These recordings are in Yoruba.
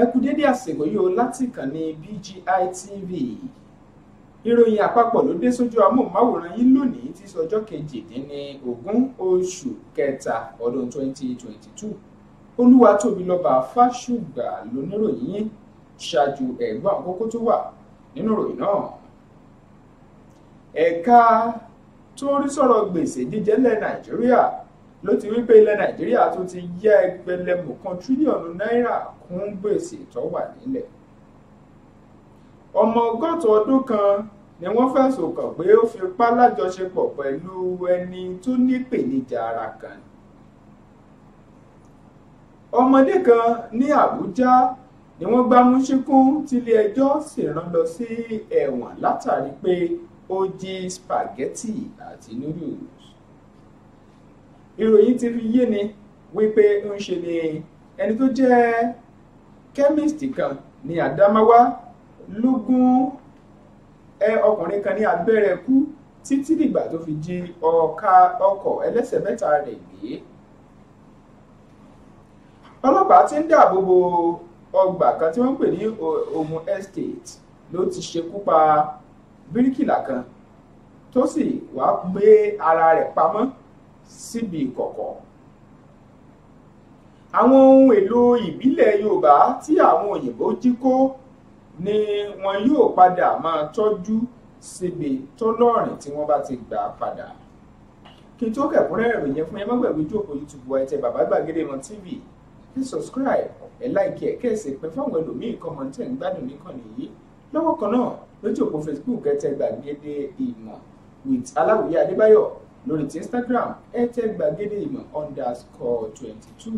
ẹ kú dédé àsìkò yìí o láti ìkànnì BGI TV ìròyìn àpapọ̀ ló dé sójú amóhùnmáwòrán yín lónìí tí sọjọ́ kejìdínlógún oṣù kẹta ọdún 2022 olúwa tóbi lọ́ba fáṣùgbà lóníròyìn yín ṣáájú ẹ̀gbọ́n àkókò tó wà nínú ìròyìn náà ẹ̀ka tó ń rí sọ̀rọ̀ gbèsè jíjẹ́ Nàìjíríà ló ti wípé ilẹ̀ nàìjíríà tún ti yá ẹgbẹ̀lẹ́mù kan tírílíọ̀nù náírà kún gbèsè tó wà nílẹ̀ ọmọ ọgọ́ta ọdún kan ni wọ́n fẹ̀sùn kàn pé ó fipá lájọṣepọ̀ pẹ̀lú ẹni tó nípèníjà ara kan ọmọdé kan ní àbújá ni wọ́n gbá mú ṣíkún tílé ẹjọ́ sì rán lọ sí ẹ̀wọ̀n látàrí pé ó jí spaghetti àti noodles ìròyìn ti fi yé ni wípé ń ṣe ni ẹni tó jẹ́ kẹ́míìsì kan ní Àdámáwá ló gún ẹ ọkùnrin kan ní abẹ́rẹ́ kú títí dìgbà tó fi jí ọ̀ka ọkọ̀ ẹlẹ́sẹ̀ mẹ́ta rẹ̀ gbé ọlọ́pàá ti ń dáàbò bo ọgbà kan tí wọ́n ń pè ní Ògùn Estate ló ti ṣekú pa bíríkìlà kan tó sì wá gbé ara rẹ̀ pamọ́ síbi ìkọ̀kọ̀ àwọn ohun èlò ìbílẹ̀ Yorùbá tí àwọn òyìnbó jí kó ni wọn yóò padà máa tọ́jú síbi tó lọ́rìn tí wọ́n bá ti gbà padà kí n tó kẹ̀kúnrẹ́ ìròyìn fún yẹn jókòó YouTube wa ẹ̀tẹ̀ bàbá gbàgede mọ TV kí subscribe ẹ̀ láìkí ẹ̀ kẹ́sì pín fáwọn ẹlòmíì kan mọ̀ tẹ̀ ń gbádùn nìkànnì yìí lọ́wọ́ kan náà lójú òpó Facebook ẹ̀tẹ̀ gbàgede ìmọ̀ with aláwòye Adébáyọ̀ lórí ti Instagram ẹtẹ gbàgede ìmọ̀ underscore twenty two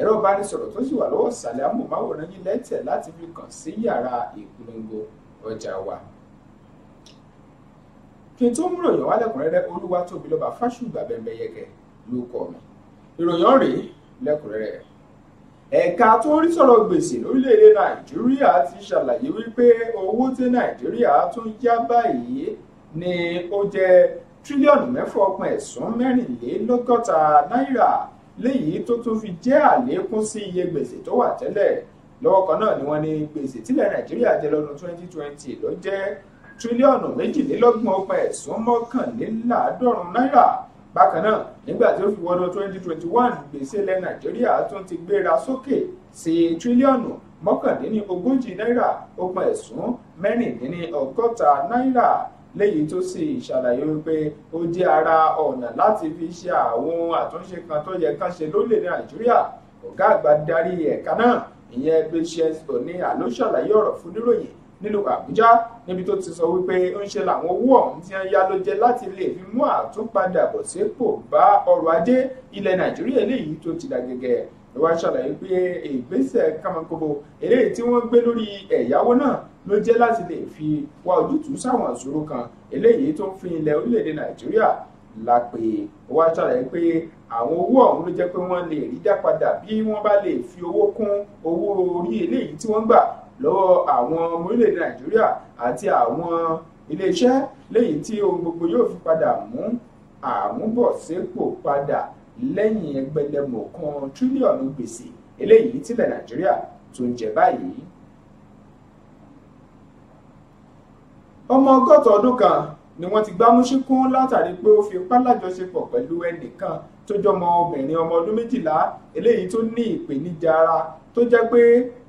ẹ̀rọ ìbánisọ̀rọ̀ tó sì wà lọ́wọ́ ìsàlẹ̀ amóhùnmáwòrán yín lẹ́tẹ̀ láti fi kàn sí yàrá ìpolongo ọjà wa kí n tó mú ròyìn wá lẹ́kùnrẹ́rẹ́ olúwa tóbi lọ́ba fásùgbà bẹ̀m̀bẹ̀ yẹkẹ lórúkọ mi ìròyìn rèé lẹ́kùnrẹ́rẹ́ ẹ̀ka tó ń rí sọ̀rọ̀ gbèsè lórílẹ̀‐èdè nàìjíríà ti ṣàlàyé wípé owó tí nàìjíríà tún yá báyìí ni ó jẹ́ tírílíọ̀nù mẹ́fà ọpọ̀ ẹ̀sùn mẹ́rìnlélọ́gọ́ta náírà léyìí tó tún fi jẹ́ àlékún sí iye gbèsè tó wà tẹ́lẹ̀ lọ́wọ́ kan náà ni wọ́n ní gbèsè tílẹ̀ nàìjíríà jẹ lọ́dún 2020 ló jẹ́ tírílíọ̀nù méjìlélọ́gbọ̀n ọpọ̀ ẹ̀sùn mọ́kànléláàádọ́rùn-ún náírà bákan náà nígbà tí ó fi wọdún 2021 gbèsè ilẹ̀ nàìjíríà tún ti gbéra sókè sí tírílíọ̀nù mọ́kàndínní ogójì náírà ọpọ̀ ẹ̀sùn mẹ́rìndínní ọgọ́ta náírà léyìí tó sì ṣàlàyé wípé ó jẹ́ ara ọ̀nà láti fi ṣe àwọn àtúnṣe kan tó yẹ kán ṣe lórílẹ̀ nàìjíríà ọ̀gá àgbà darí ẹ̀ka náà ìyẹn patience òní àló ṣàlàyé ọ̀rọ̀ fún níròyìn nílùú àbújá níbi tó ti sọ wípé ń ṣe làwọn owó ọ̀hún tí ń yá ló jẹ́ láti lè fi mú àtúnpadàbọ̀ sípò bá ọrọ̀ ajé ilẹ̀ nàìjíríà léyìí tó ti dàgẹ̀gẹ̀ ló ṣàlàyé pé ìgbésẹ̀ kàmọ́kòbò eléyìí tí wọ́n gbé lórí ẹ̀yáwó náà ló jẹ́ láti lè fi wá ojútùú sáwọn ìṣòro kan eléyìí tó ń fi ilẹ̀ orílẹ̀-èdè nàìjíríà lápè ó wá ṣàlàyé pé àwọn owó ọ̀hún ló jẹ́ pé wọ́n lè rí dá padà bí wọ́n bá lè fi owó kún owó orí eléyìí tí wọ́n gbà lọ́wọ́ àwọn ọmọ orílẹ̀-èdè nàìjíríà àti àwọn iléeṣẹ́ léyìí tí ohun gbogbo yóò fi padà mú àmúbọ̀sípò padà lẹ́yìn ẹgbẹ̀lẹ́mọ̀kan tírílíọ̀nù gbèsè eléyìí tílẹ̀ nàìjíríà tó ń jẹ báyìí ọmọ ọgọ́ta ọdún kan ni wọ́n ti gbá Múṣíkún látàrí pé ó fi ipá lájọṣepọ̀ pẹ̀lú ẹnìkan tó jọmọ obìnrin ọmọ ọdún méjìlá eléyìí tó ní ìpèníjà ara tó jẹ́ pé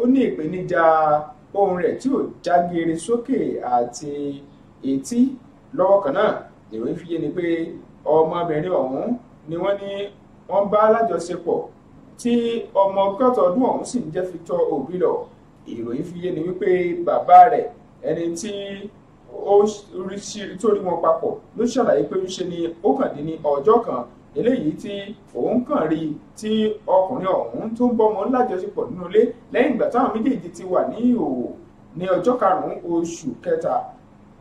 ó ní ìpèníjà ohùn rẹ̀ tí ò jágere sókè àti etí lọ́wọ́ kan náà ìròyìn fi yé ni pé ọmọbìnrin ọ̀hún ni wọ́n ní wọ́n bá lájọṣepọ̀ tí ọmọ ọgọ́ta ọdún ọ̀hún sì ń jẹ́ Victor Obilọ ìròyìn fi yé ni wípé bàbá rẹ̀ ẹni tí ó torí wọn papọ̀ ló ṣàlàyé pé ńṣe ni ó kàn dín ní ọjọ́ kan eléyìí tí òun kàn rí tí ọkùnrin ọ̀hún tó ń bọ́mọ lájọṣepọ̀ nínú ilé lẹ́yìn ìgbà táwọn méjèèjì ti wà ní ìhòòhò ní ọjọ́ karùn-ún oṣù kẹta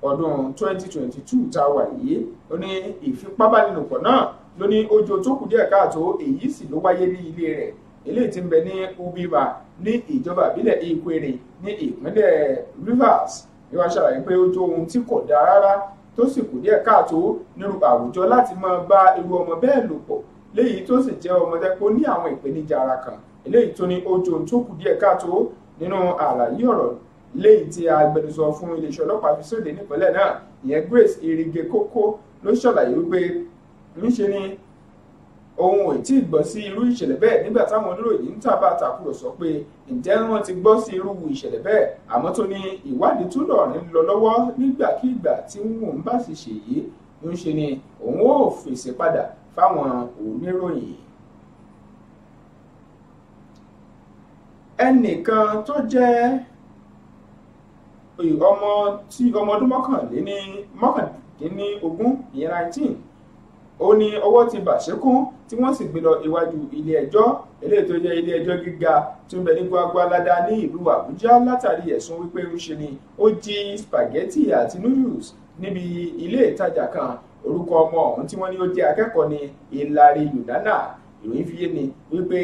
ọdún 2022 tá a wà yìí ó ní ìfipábánilòpọ̀ náà ló ní ojú tó kù díẹ̀ káàtó èyí sì ló wáyé ní ilé rẹ̀ eléyìí ti ń bẹ ní ubiba ní ìjọba ìbílẹ̀ Ìkwerè ní ìpínlẹ̀ Rivers bí wọ́n ṣàlàyé pé ó jẹ́ ohun tí kò dáa rárá tó sì kù díẹ̀ káàtó nínú àwùjọ láti máa bá irú ọmọ bẹ́ẹ̀ lò pọ̀ léyìí tó sì jẹ́ ọmọdé pé ó ní àwọn ìpèníjà ara kan eléyìí tó ní ó jẹ́ ohun tó kù díẹ̀ káàtó nínú àlàyé ọ̀rọ̀ léyìí tí agbẹnusọ fún iléeṣẹ́ ọlọ́pàá fi sóde nípínlẹ̀ náà ìyẹn Grace Irige Koko ló ṣàlàyé wípé níṣe ni òun ò tí ì gbọ́ sí irú ìṣẹ̀lẹ̀ bẹ́ẹ̀ nígbà táwọn oníròyìn ń tàbá tàkùrọ̀sọ pé ǹjẹ́ wọ́n ti gbọ́ sí irú ìṣẹ̀lẹ̀ bẹ́ẹ̀ àmọ́ tó ní ìwádìí túnlọ̀ ń lọ lọ́wọ́ nígbàkigbà tí wọ́n bá sì ṣèyí ń ṣe ni òun ò fèsì padà fáwọn oníròyìn. ẹnìkan tó jẹ́ ọmọ ọdún mọ́kànléní mọ́kàndínlógún ìyẹn nineteen ó ní ọwọ́ ti bà ṣẹ́kún tí wọ́n sì gbé lọ iwájú ilé ẹjọ́ eléyìí tó jẹ́ ilé ẹjọ́ gíga tó ń bẹ ní Gwagwalada ní ìlú Àbújá látàrí ẹ̀sùn wípé ń ṣe ni ó jí spaghetti àti noodles níbi ilé ìtajà kan orúkọ ọmọ ọ̀hún tí wọ́n ní ó jẹ́ akẹ́kọ̀ọ́ ní Ìlàrí Yùdánà ìròyìn fi yé ni wípé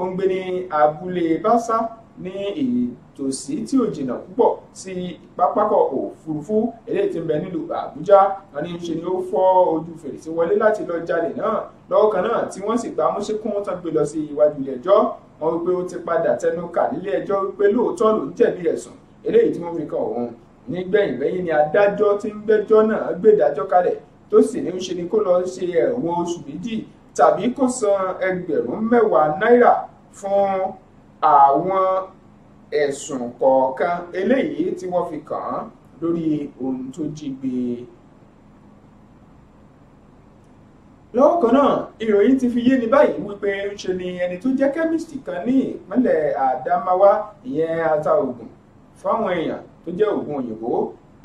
ó ń gbé ní abúlé Básá ní ìtòsí tí ò jìnnà púpọ̀ sí pápákọ̀ òfurufú eléyìí tí ń bẹ nílùú àbújá wọn ní ṣe ni ó fọ́ ojú fèrèsé wọlé láti lọ jalè náà lọ́ọ̀kan náà tí wọ́n sì gba amúṣekún tán gbé lọ sí iwájú ilé ẹjọ́ wọn wípé ó ti padà tẹnu kà nílé ẹjọ́ wípé lóòótọ́ ló ń jẹ̀bi ẹ̀sùn eléyìí tí wọ́n fi kan òun nígbẹ̀yìngbẹ̀yìn ni adájọ́ tí ń gbẹ́jọ́ náà gbédájọ́ kalẹ̀ tó sì ní ó ṣe ni kó lọ ṣe ẹ̀wọ̀n oṣù méjì tàbí kó san ẹgbẹ̀rún mẹ́wàá náírà fún àwọn ẹ̀sùn kọ̀ọ̀kan eléyìí tí wọ́n fi kàn án lórí ohun tó jí gbé e. lọ́wọ́ kan náà ìròyìn ti fi yé ni báyìí wípé ńṣe ni ẹni tó jẹ́ kẹ́míìsì kan ní ìpínlẹ̀ Adamawa ìyẹn ata oògùn fáwọn èèyàn tó jẹ́ oògùn òyìnbó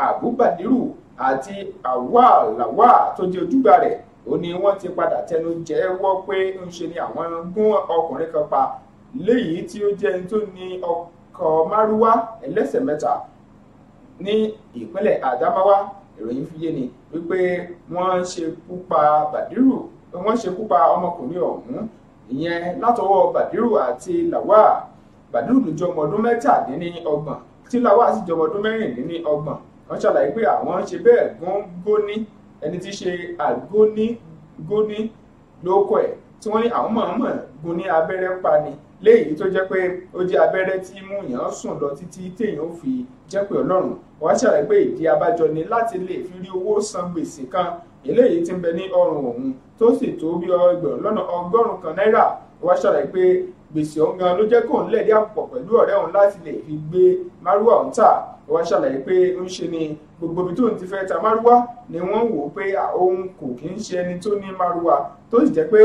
Abubadiru àti Awal Lawal tó jẹ́ ojúgbà rẹ̀ ó ní wọ́n ti padà tẹnu jẹ́wọ́ pé ńṣe ni àwọn gún ọkùnrin kan pa léyìí tí ó jẹ́ ẹni tó ní ọkọ̀ márúwá ẹlẹ́sẹ̀ mẹ́ta ní ìpínlẹ̀ Adamawa ìròyìn fi yé ni wípé wọ́n ṣekú pa Bàdírù wọ́n ṣekú pa ọmọkùnrin ọ̀hún ìyẹn látọwọ́ Bàdírù àti Làwà Bàdírù ló jọ ọmọ ọdún mẹ́tàdínlọ́gbọ̀n tí Làwà sì jọ ọmọ ọdún mẹ́rìndínlọ́gbọ̀n wọ́n ṣàlàyé pé àwọn ṣe bẹ́ẹ̀ góńgóní ẹni tí ṣe àgónígóní lóko ẹ̀ tí wọ́n ní àwọn mọ̀ọ́mọ̀ gún abẹ́rẹ́ pa ni léyìí tó jẹ́ pé ó jẹ́ abẹ́rẹ́ tí mú yàn sùn lọ títí téèyàn ó fi jẹ́ pé ọlọ́run wàá ṣàlàyé pé ìdí abájọ ni láti lè fi rí owó san gbèsè kan eléyìí tí ń bẹ ní ọrùn òun tó sì tó bí ẹgbẹ̀rún lọ́nà ọgọ́rùn-ún kan náírà wàá ṣàlàyé pé gbèsè òun gan ló jẹ́ kóun lẹ̀dí àpò pẹ̀lú ọ̀rẹ́ òun láti lè fi gbé márùwá òun tà wàá ṣàlàyé pé ń ṣe ni gbogbo ibi tóun ti fẹ́ ta márùwá ni wọ́n wò ó pé òun kò kí ń ṣe ẹni tó ní márùwá tó sì jẹ́ pé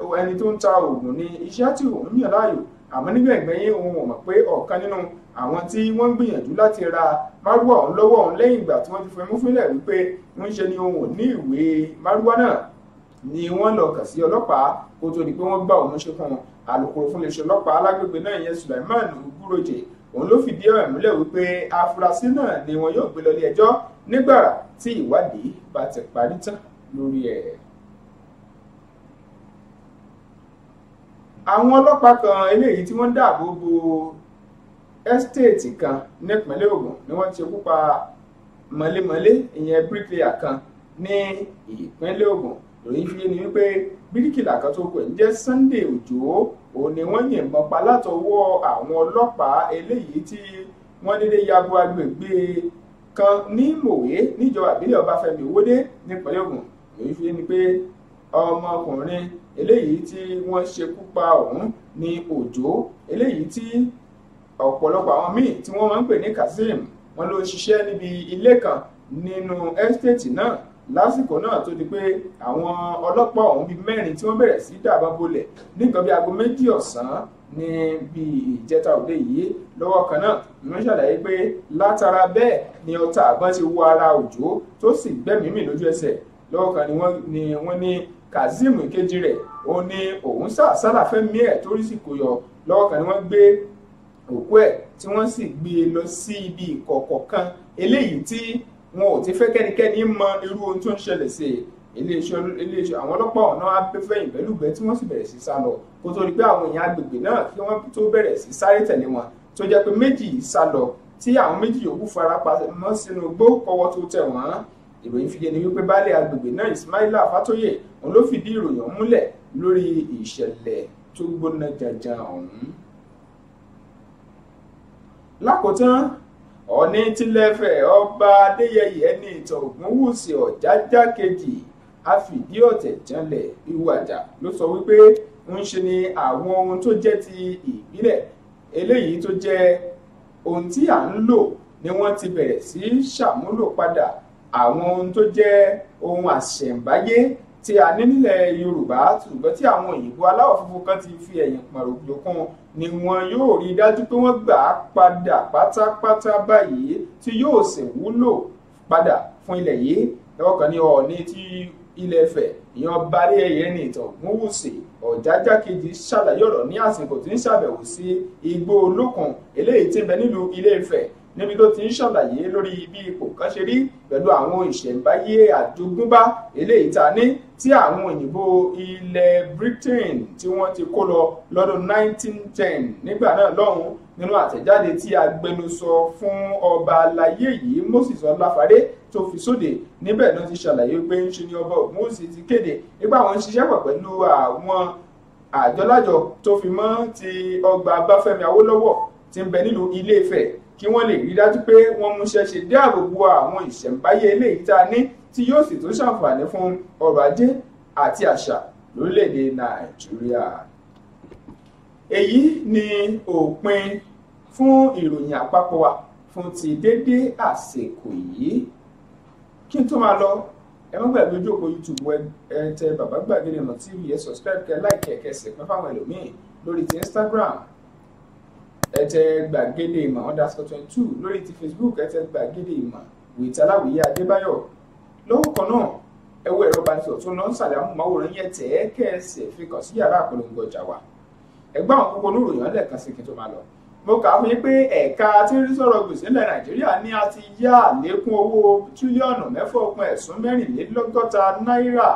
ẹni tó ń ta oògùn ni iṣẹ́ tí òun yàn láàyò àmọ́ nígbà ìgbẹ̀yìn òun ò mọ̀ pé ọ̀kan nínú àwọn tí wọ́n ń gbìyànjú láti ra márùwá ọ̀hún lọ́wọ́ ọ̀hún lẹ́yìn ìgbà tí wọ́n ti fẹ̀mú fínlẹ̀ wípé ń ṣe ni òun ò ní ìwé márùwá náà ni wọ́n lọ kàn sí ọlọ́pàá kó tó di pé wọ́n gbà òun ṣe fún wọn alūkkóró fún iléeṣẹ́ ọlọ́pàá alágbègbè náà ìyẹn Sulaiman Uguroje òun ló fìdí ọ̀rọ̀ múlẹ̀ wípé afurasí náà ni wọn yóò gbé lọ ilé ẹjọ́ nígbàrà tí ìwádìí bá ti parí tán lórí ẹ̀. àwọn ọlọ́pàá kan eléyìí tí wọ́n dáàbò bo ẹ́stéètì kan nípínlẹ̀ Ògùn ni wọ́n ti ṣekú pa mọ̀lẹ́mọ̀lẹ́ ìyẹn bíríkìlà kan ní ìpínlẹ̀ Ògùn ròyìn fi ni wípé bíríkìlà kan tó pè ń jẹ́ Sunday Òjò òun ni wọ́n yìnbọn pa látọwọ́ àwọn ọlọ́pàá eléyìí tí wọ́n dédé yabo agbègbè kan ní Mòwe níjọba ìbílẹ̀ Ọbáfẹ́mi Owódé nípínlẹ̀ Ògùn ròyìn fi ni pé ọmọkùnrin eléyìí tí wọ́n ṣekú pa ọ̀hún ní òjò eléyìí tí ọ̀pọ̀lọpọ̀ àwọn míì tí wọ́n máa ń pè ní kazeem wọ́n ló ṣiṣẹ́ níbi ilé kan nínú ẹ́stéètì náà lásìkò náà tó di pé àwọn ọlọ́pàá ọ̀hún bíi mẹ́rin tí wọ́n bẹ̀rẹ̀ sí dàbá bolẹ̀ ní nǹkan bíi aago méjì ọ̀sán ní bíi ìjẹta òde yìí lọ́wọ́ kan náà ni wọ́n ṣàlàyé pé látara bẹ́ẹ̀ ni ọta àgbọn ti wọ ara òjò tó sì gbẹ́mìí mì lójú ẹsẹ̀ lọ́wọ́ kan ni wọ́n ní kazeem ìkejì rẹ̀ ó ní òun sá sálàfẹ́mi ẹ̀ torí sì kò yọ lọ́wọ́ kan ni wọ́n gbé òkú ẹ̀ tí wọ́n sì gbé e lọ sí ibi ìkọ̀kọ̀ kan eléyìí tí wọn ò ti fẹ́ kẹ́nikẹ́ni mọ irú ohun tó ń ṣẹlẹ̀ sí iléeṣẹ́ àwọn ọlọ́pàá ọ̀nà abẹ́fẹ́ ìbẹ́lùbẹ́ tí wọ́n sì bẹ̀rẹ̀ sí sá lọ kó tó di pé àwọn èèyàn agbègbè náà kí wọ́n tó bẹ̀rẹ̀ sí sáré tẹ̀lé wọn tó jẹ́ pé méjì sá lọ tí àwọn méjì yòókù fara pa mọ́ sínú igbó kọ́wọ́ tó tẹ̀ wọ́n ìròyìn fi yé ni wípé baálé agbègbè náà Ismaila Fatoye òun ló fìdí ìròyìn ọ̀hún múlẹ̀ lórí ìṣẹ̀lẹ̀ tó gbóná janjan ọ̀hún. lákòótán ọ̀ní tilẹ̀fẹ̀ ọba adéyẹyẹ ẹni ìtàn ògúnwùsì ọ̀jájá kejì àfìdí ọ̀tẹ̀ janlẹ̀ ìwàjà ló sọ wípé ń ṣe ni àwọn ohun tó jẹ́ ti ìbílẹ̀ eléyìí tó jẹ́ ohun tí à ń lò ni wọ́n ti bẹ̀rẹ̀ sí ṣàmúlò padà àwọn ohun tó jẹ́ ohun àṣẹ̀ǹbáyé tí a ní nílẹ̀ yorùbá ṣùgbọ́n tí àwọn òyìnbó aláwọ̀ funfun kan ti fi ẹ̀yìn pọ̀nrọ̀gbọ̀kún ni wọn yóò rí dájú pé wọ́n gbà á padà pátápátá báyìí tí yóò sì wúlò padà fún ilẹ̀ yìí lọ́wọ́ kan ní ọ̀ọ́ni tí ilẹ̀ Ifẹ̀ ìyàn balẹ̀ ẹ̀yẹ ní ìtàn Ògúnwùsì Ọ̀jájá kejì ṣàlàyé ọ̀rọ̀ ní àsìkò tí ń ṣàbẹ̀wò sí igbó olókun eléyìí tí bẹ nílùú Ilé Ifẹ̀ níbi tó ti ń ṣàlàyé lórí bí ipò kan ṣe rí pẹ̀lú àwọn ìṣẹ̀ǹbáyé àjogúnbá eléyìí ta ní tí àwọn òyìnbó ilẹ̀ Britain tí wọ́n ti kó lọ lọ́dún 1910 nígbà náà lọ́hùn nínú àtẹ̀jáde tí agbẹnusọ fún ọba àlàyé yìí Moses Ọláfáré tó fi sóde níbẹ̀ ló ti ṣàlàyé pé ń ṣe ni ọba Ògúnwùsì ti kéde nígbà wọn ń ṣiṣẹ́ pọ̀ pẹ̀lú àwọn àjọlájọ tó fi mọ́ ti ọgbà Báfẹ́mi Awólọ́wọ̀ tí ń bẹ nílùú ilé kí wọ́n lè rí dájú pé wọ́n múṣẹ́ ṣe dáàbò bo àwọn ìṣẹ̀ǹbáyé eléyìí tá a ní tí yóò sì tún ṣàǹfààní fún ọrọ̀ ajé àti àṣà lórílẹ̀‐èdè nàìjíríà. èyí ni òpin fún ìròyìn àpapọ̀ wa fún ti dédé àsìkò yìí kí n tó máa lọ ẹ má gbàgbé ojú òpó youtube ẹ tẹ bàbá gbàgede ọ̀nà tv ẹ subscribe kẹ láìkẹ kẹsẹ̀ pẹ́ fáwọn ẹlòmíì lórí ti instagram ẹtẹ gbàgede ìmọ̀ underscore twenty two lórí ti facebook ẹtẹ gbàgede ìmọ̀ wìtí aláwìyé adébáyọ̀ lọ́wọ́ kan náà ẹ wo ẹ̀rọ ìbánisọ̀rọ̀ tó ń lọ ń sàlẹ̀ amóhùnmáwòrán yẹn tẹ̀ ẹ́ kẹ́ẹ̀sì fi kàn sí yàrá àpolongo ọjà wa ẹgbẹ́ àwọn kókó oníròyìn lẹ́ẹ̀kan sí kí n tó máa lọ mo kà á fún yín pé ẹ̀ka tí ń rí sọ̀rọ̀ gbèsè ilẹ̀ nàìjíríà ní a ti yá àlékún owó tírílíọ̀nù mẹ́fà ogún ẹ̀sún mẹ́rìnlélọ́gọ́ta náírà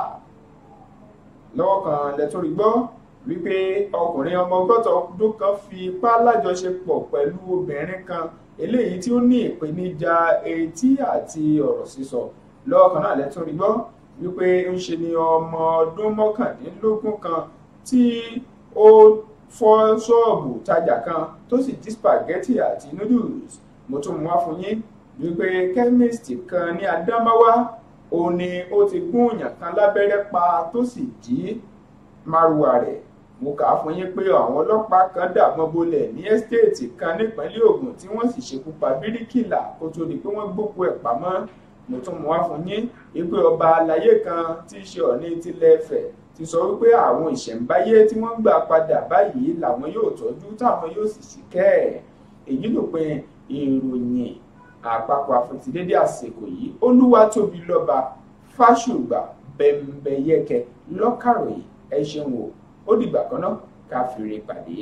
lọ́wọ́ kan lẹ́tọ́rí gbọ́ wípé ọkùnrin ọmọ ọgọ́ta ọdún kan fi ipá lájọṣepọ̀ pẹ̀lú obìnrin kan eléyìí tí ó ní ìpèníjà etí àti ọ̀rọ̀ sísọ lọ́ọ̀kan náà lẹ́tún rí gbọ́ wípé ń ṣe ni ọmọ ọdún mọ́kàndínlógún kan tí ó fọ́ ṣọ́ọ̀bù tajà kan tó sì jí spaghetti àti noodles mo tún mú wá fún yín wípé chemist kan ní Adamawa òun ni ó ti gún èèyàn kan lábẹ́rẹ́ pa tó sì jí márùwà rẹ̀ mo kà á fún yín pé àwọn ọlọ́pàá kan dàbọn bolẹ̀ ní ẹ́stéètì kan nípínlẹ̀ Ògùn tí wọ́n sì ṣekú pa bíríkìlà kó tó di pé wọ́n gbókú ẹ̀ pamọ́ mo tún mú wá fún yín ìpè ọba àlàyé kan tí í ṣe Ọ̀ọ̀ni tilẹ̀ Ifẹ̀ ti sọ wípé àwọn ìṣẹ̀ǹbáyé tí wọ́n gbà padà báyìí làwọn yóò tọ́jú táwọn yóò sì sì kẹ́ ẹ̀ èyí lópin ìròyìn àpapọ̀ àfọ̀tídédé àsìkò yìí olúwa tóbi lọ́ba fáṣùgbà bẹ̀m̀bẹ̀yẹkẹ lọ́kàròyìn ẹ ṣeun o ó dìgbà kan náà ká fìrè pàdé.